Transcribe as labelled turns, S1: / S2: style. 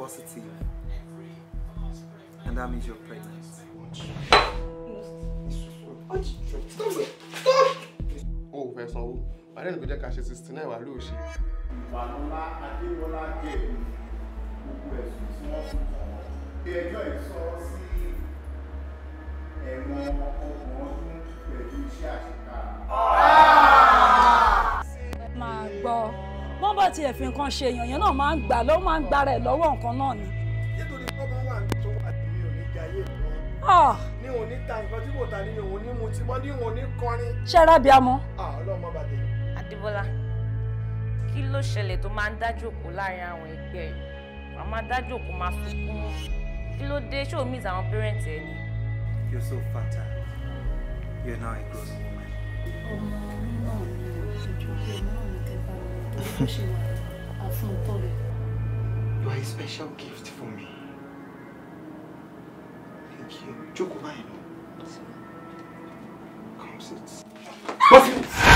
S1: positive, and that means you're pregnant. Stop! Stop! Oh, first of all, my name is Bidja Kashi 69 Walushi. Banola Adéwọlá Gẹ̀ẹ́lú wọ́n bá tiẹ̀ fi nǹkan ṣe èèyàn náà máa ń gbà lọ́wọ́ máa ń gbára ẹ̀ lọ́wọ́ nǹkan náà ni. nítorí bọ́bá wà tó wà ní òní jayé mọ́ ah! ní ta nǹkan tí kò ta ní òun ní mu ti mọ́ ní kọrin. ṣẹ́ra bíi amọ́. Ah, ọlọ́mọ bàdé. Adébọ́lá kí ló ṣẹlẹ̀ tó máa ń dájòkó láàrin àwọn ẹgbẹ́ ẹ̀ màmá dájòkó máa sunkún kí ló dé ṣó miss àwọn parents ẹ ni. You're so fertile. You're now a grown woman. ọmọ náà ni You are a special gift for me. Thank you. Jókòó báyìí lọ. Come sit. Bọ́sí.